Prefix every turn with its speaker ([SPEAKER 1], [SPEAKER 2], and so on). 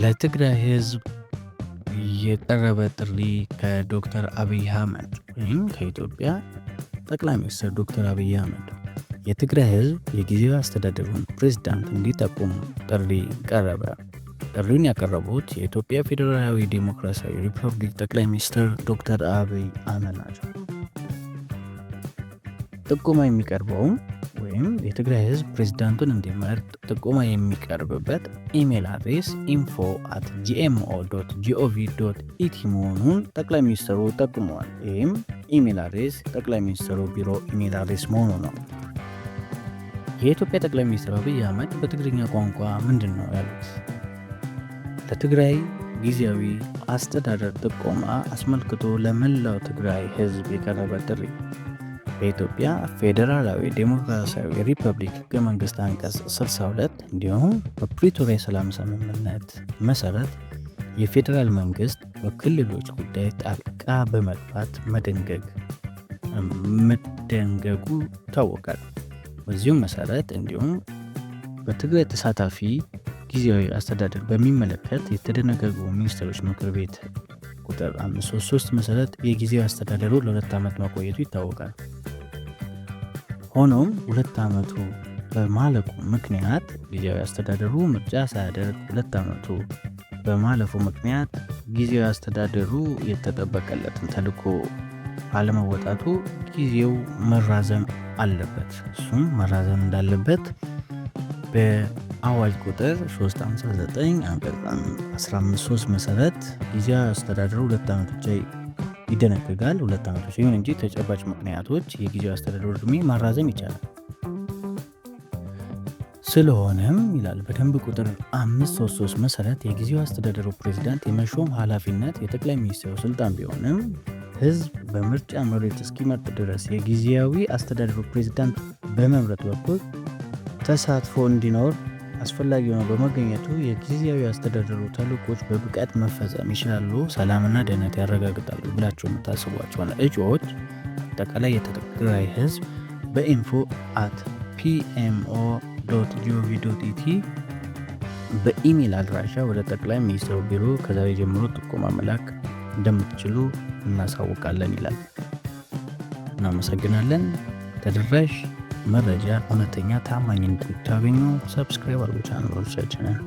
[SPEAKER 1] ለትግራይ ህዝብ የቀረበ ጥሪ ከዶክተር አብይ አህመድ ወይም ከኢትዮጵያ ጠቅላይ ሚኒስትር ዶክተር አብይ አህመድ የትግራይ ህዝብ የጊዜው አስተዳደሩን ፕሬዝዳንት እንዲጠቁም ጥሪ ቀረበ። ጥሪውን ያቀረቡት የኢትዮጵያ ፌዴራላዊ ዴሞክራሲያዊ ሪፐብሊክ ጠቅላይ ሚኒስትር ዶክተር አብይ አህመድ ናቸው። ጥቆማ የሚቀርበውም ወይም የትግራይ ህዝብ ፕሬዚዳንቱን እንዲመርጥ ጥቆማ የሚቀርብበት ኢሜይል አድሬስ ኢንፎ አት ጂኤምኦ ዶት ጂኦቪ ዶት ኢቲ መሆኑን ጠቅላይ ሚኒስትሩ ጠቁመዋል። ይህም ኢሜይል አድሬስ ጠቅላይ ሚኒስትሩ ቢሮ ኢሜይል አድሬስ መሆኑ ነው። የኢትዮጵያ ጠቅላይ ሚኒስትር አብይ አህመድ በትግርኛ ቋንቋ ምንድን ነው ያሉት? ለትግራይ ጊዜያዊ አስተዳደር ጥቆማ አስመልክቶ ለመላው ትግራይ ህዝብ የቀረበ ጥሪ የኢትዮጵያ ፌዴራላዊ ዴሞክራሲያዊ ሪፐብሊክ ህገ መንግስት አንቀጽ 62 እንዲሁም በፕሪቶሪያ የሰላም ስምምነት መሠረት የፌዴራል መንግስት በክልሎች ጉዳይ ጣልቃ በመግባት መደንገግ መደንገጉ ይታወቃል። በዚሁም መሠረት እንዲሁም በትግራይ ተሳታፊ ጊዜያዊ አስተዳደር በሚመለከት የተደነገጉ ሚኒስትሮች ምክር ቤት ቁጥር 533 መሠረት የጊዜያዊ አስተዳደሩ ለሁለት ዓመት መቆየቱ ይታወቃል። ሆኖም ሁለት ዓመቱ በማለቁ ምክንያት ጊዜያዊ አስተዳደሩ ምርጫ ሳያደርግ ሁለት ዓመቱ በማለፉ ምክንያት ጊዜያዊ አስተዳደሩ የተጠበቀለትን ተልኮ አለመወጣቱ ጊዜው መራዘም አለበት። እሱም መራዘም እንዳለበት በአዋጅ ቁጥር 359 አንቀጽ 153 መሰረት ጊዜያዊ አስተዳደሩ ሁለት ዓመት ብቻ ይደነግጋል። ሁለት ዓመቶች ይሁን እንጂ ተጨባጭ ምክንያቶች የጊዜ አስተዳደር ዕድሜ ማራዘም ይቻላል። ስለሆነም ይላል በደንብ ቁጥር 533 መሰረት የጊዜው አስተዳደሩ ፕሬዚዳንት የመሾም ኃላፊነት የጠቅላይ ሚኒስትሩ ስልጣን ቢሆንም ህዝብ በምርጫ መሬት እስኪመርጥ ድረስ የጊዜያዊ አስተዳደሩ ፕሬዚዳንት በመምረጥ በኩል ተሳትፎ እንዲኖር አስፈላጊ ሆኖ በመገኘቱ የጊዜያዊ አስተዳደሩ ተልቆች በብቃት መፈጸም ይችላሉ፣ ሰላምና ደህንነት ያረጋግጣሉ ብላቸው የምታስቧቸውን እጩዎች አጠቃላይ የትግራይ ህዝብ በኢንፎ አት ፒኤምኦ ዶት ጂኦቪ ዶት ኢቲ በኢሜይል አድራሻ ወደ ጠቅላይ ሚኒስትሩ ቢሮ ከዛሬ ጀምሮ ጥቆማ መላክ እንደምትችሉ እናሳውቃለን ይላል። እናመሰግናለን። ተደራሽ መረጃ እውነተኛ ታማኝነት ብታገኙ ሰብስክራይብ አድርጉ ቻናሎቻችንን